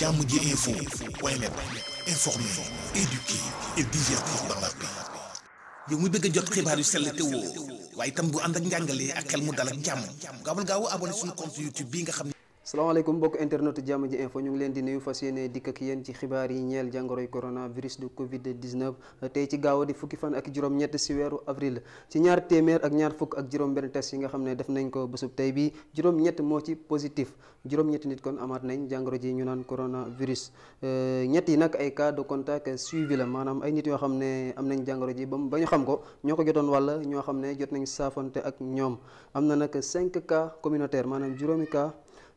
jàmm ji info yow mi bëgg a jot xibaar yu sell te woo waaye itam bu ànd ak njàngalee ak xel mu dal ak jàmm gaawal gaaw abonné suñu compte YouTube bii nga xam ne. salaamaaleykum mbokk internet jàmm ji info ñu ngi leen di nuyu fas yéene dikk ak yéen ci xibaar yi ñeel jàngoroy coronavirus du covid 19 tey ci gaaw di fukki fan ak juróom-ñett si weeru avril ci ñaar téeméer ak ñaar fukk ak juróom-benn test yi nga xam ne def nañ ko bésub tey bi juróom-ñett moo ci positif juróom ñett nit kon amaat nañ jàngoro ji ñu naan coronavirus euh, ñett yi nag ay cas de contact suivi la maanaam ay nit yoo xam ne am nañ jàngoro ji ba ba xam ko ñoo ko jotoon walla ñoo xam ne jot nañ saafonte ak ñoom am na nag 5 cas communautaire maanaam juróomi cas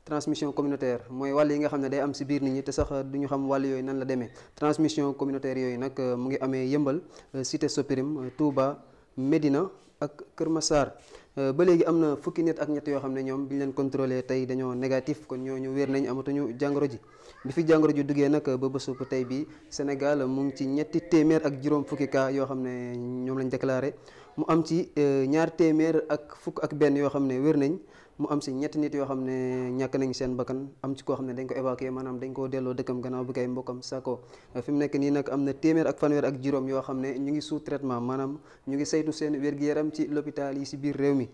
transmission communautaire mooy wàll yi nga xam ne day am si biir nit ñi te sax du ñu xam wàll yooyu nan la demee transmission communautaire yooyu nag euh, mu ngi amee yëmbal euh, cité Soprim euh, Touba Médina ak Kër Massar ba léegi am na fukki nit ak ñett yoo xam ne ñoom bi ñu leen contrôlé tey dañoo négatif kon ñooñu wér nañ amatuñu jàngoro ji bi fi jàngoro ji duggee nag ba bésub tey bi Sénégal mu ngi ci ñetti téeméer ak juróom fukki cas yoo xam ne ñoom lañ déclaré. mu am ci euh, ñaar téeméer ak fukk ak benn yoo xam ne wér nañ mu am si ñetti nit yoo xam ne ñàkk nañ seen bakkan am ci koo xam ne dañ ko évacué maanaam dañ koo delloo dëkkam gannaaw bi kay mbokkam sako euh, fi mu nekk nii nag am na téeméer ak fanweer ak juróom yoo xam ne ñu ngi sous traitement maanaam ñu ngi saytu seen wér-gi-yaram ci l'hôpital yi si biir réew mi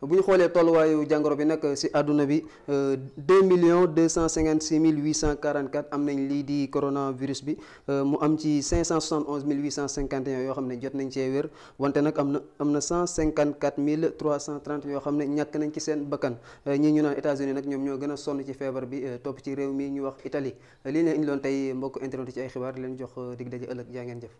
bu ñu xoolee tolluwaayu jàngoro bi nag si àdduna bi million euh, millions deux cent cinquante six mille huit cent quarante quatre am nañ lii di coronavirus bi euh, mu am ci cinq cent soixante onze mille huit cent cinquante et un yoo xam ne jot nañ cee wér wante nag am na am na cent cinquante quatre mille trois cent trente yoo xam ne ñàkk nañ ci seen bakkan euh, ñii ñu naan États-Unis nag ñoom ñoo gën a sonn ci feebar bi topp ci réew mi ñu wax Italie lii leen indi loon tey mbokk internet ci ay xibaar leen jox dig daje ëllëg jaa ngeen jëf.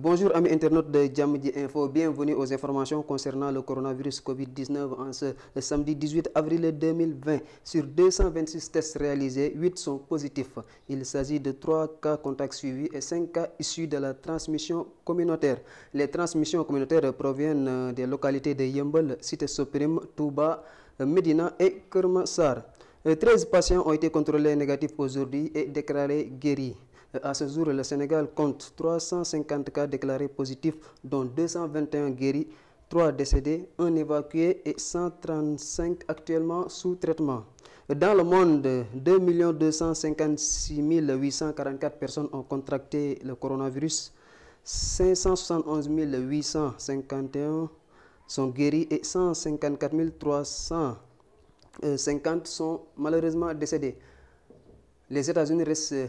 bonjour amis internautes de Jammj Info bienvenue aux informations concernant le coronavirus Covid-19 en ce samedi 18 avril 2020 sur 226 tests réalisés 8 sont positifs il s'agit de 3 cas contacts suivis et 5 cas issus de la transmission communautaire les transmissions communautaires proviennent euh, des localités de Yeumbeul Cité Soprim Touba euh, Médina et Keur Massar 13 euh, patients ont été contrôlés négatifs aujourd'hui et déclarés guéris Euh, à ce jour, le Sénégal compte 350 cas déclarés positifs, dont 221 guéris, 3 décédés, 1 évacué et 135 actuellement sous traitement. Dans le monde, 2 256 844 personnes ont contracté le coronavirus, 571 851 sont guéris et 154 350 sont malheureusement décédés. Les États-Unis restent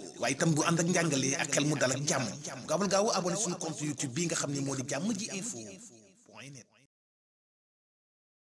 waaye itam bu ànd ak njàngalee ak xel mu dal ak jàmm gaawal gaaw abonné suñu compte YouTube bii nga xam ne moo di jàmm ji info point net